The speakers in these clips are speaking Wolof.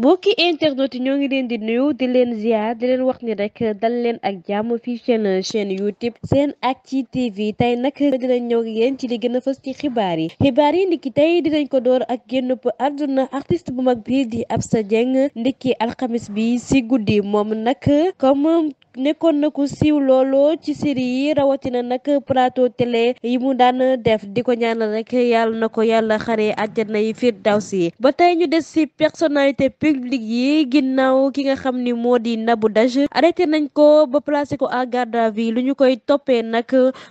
mbokki internet yi ñoo ngi leen di nuyu di leen ziar di leen wax ni rek dal leen ak jàmm fii seen chaîne youtube seen acti tv tey nag dinañ ñëw yéen ci li gën a fës ci xibaar yi xibaar yi ndiki tey dinañ ko door ak génn bu àdduna artiste bu mag bii di ab sa Dieng ndikki alxamis bi si guddi moom nag comme nekkoon na ko siiw looloo ci série yi rawatina nag plateau télé yi mu daan def di ko ñaanal rek yàlla na ko yàlla xare àjjana yi firdawsi ba tey ñu des ci personnalité publique yi ginnaaw ki nga xam ni moo di Nabou Dash arrêté nañ ko ba placé ko à garde à vue lu ñu koy toppee nag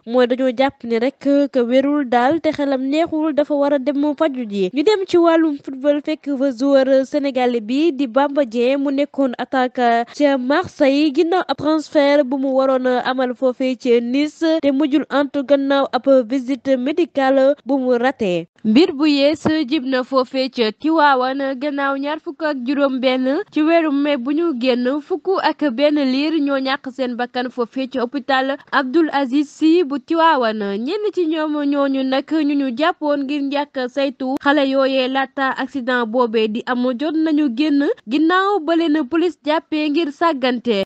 mooy dañoo jàpp ni rek que wérul daal te xelam neexul dafa war a dem faju ji ñu dem ci wàllum football fekk fa joueur sénégalais bi di bambaje mu nekkoon attaque ca Marseille ginnaaw après transfert bu mu waroon amal foofee ci Nice te mujjul antu gannaaw ab visite médicale bu mu rate mbir bu yees jib na foofee ca Tiwaawan gannaaw ñaar fukk ak juróom benn ci weeru mai bu ñu génn fukk ak benn liir ñoo ñàkk seen bakkan foofee ca hôpital Abdoul Aziz si bu Tiwaawan ñenn ci ñoom ñooñu nag ñu ñu jàppoon ngir njàkk saytu xale yooye laata accident boobe di am jot nañu génn ginnaaw ba leen police jàppee ngir sàggante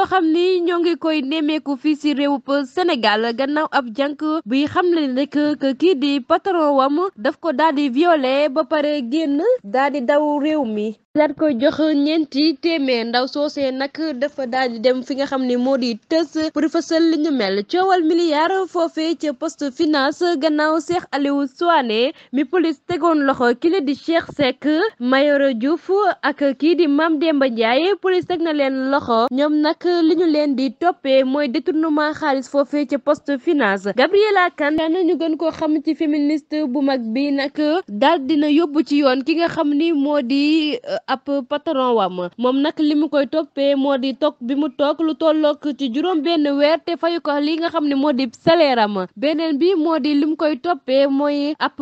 loo xam ni ñoo ngi koy nemmeeku fii si réew Sénégal gannaaw ab jànk buy xamle rek que kii di patron wam daf ko daal di violé ba pare génn daal di daw réew mi. daal koy jox ñeenti téeméer ndaw soosee nag dafa daal di dem fi nga xam ne moo di tës pour fësal li ñu mel coowal milliard foofee ca poste finance gannaaw Cheikh Aliou Souané mi police tegoon loxo ki la di Cheikh Seck mayore Diouf ak kii di Mame Demba Ndiaye police teg na leen loxo ñoom nag li ñu leen di toppee mooy détournement xaalis foofee ca poste finance Gabriella Kane ñu gën koo xam ci féministe bu mag bi nag daal dina yóbbu ci yoon ki nga xam ni moo di ab patron wam moom nag li mu koy toppee moo di toog bi mu toog lu tollook ci juróom benn weer te fayu ko li nga xam ne moo di salaire am beneen bi moo di limu koy toppee mooy ab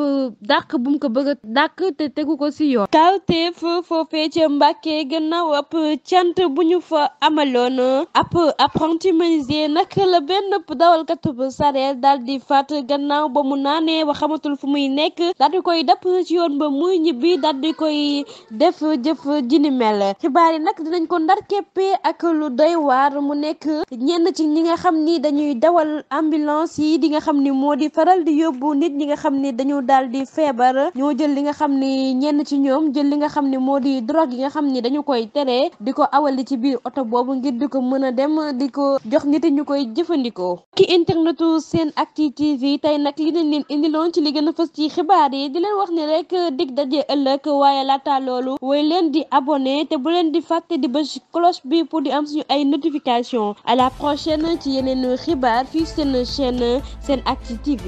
dàq bu mu ko bëgg a dàq te tegu ko si yoon kawteef foofee ca Mbàkke gannaaw ab cant bu ñu fa amaloon ab apprenti menuisier nag la benn dawalkatu sareer dal di faat gannaaw ba mu naanee ba fu muy nekk daal di koy dapp ci yoon ba muy ñibbi daal di koy def jëf ji ni mel xibaar yi nag dinañ ko ndar keppee ak lu doy waar mu nekk ñenn ci ñi nga xam ni dañuy dawal ambulance yi di nga xam ni moo di faral di yóbbu nit ñi nga xam ni dañu daal di feebar ñoo jël li nga xam ni ñenn ci ñoom jël li nga xam ni moo di drogue yi nga xam ni dañu koy tere di ko awal di ci biir oto boobu ngir di ko mën a dem di ko jox nit ñu koy jëfandikoo ki internetu seen acti tv tey nag li nañ leen indiloon ci li gën fës ci xibaar yi di leen wax ni rek dig waaye laata leen di abonné te bu leen di fàtte di bës cloche bi pour di am suñu ay notification à la prochaine ci yeneen xibaar fii seen chaîne SENactu TV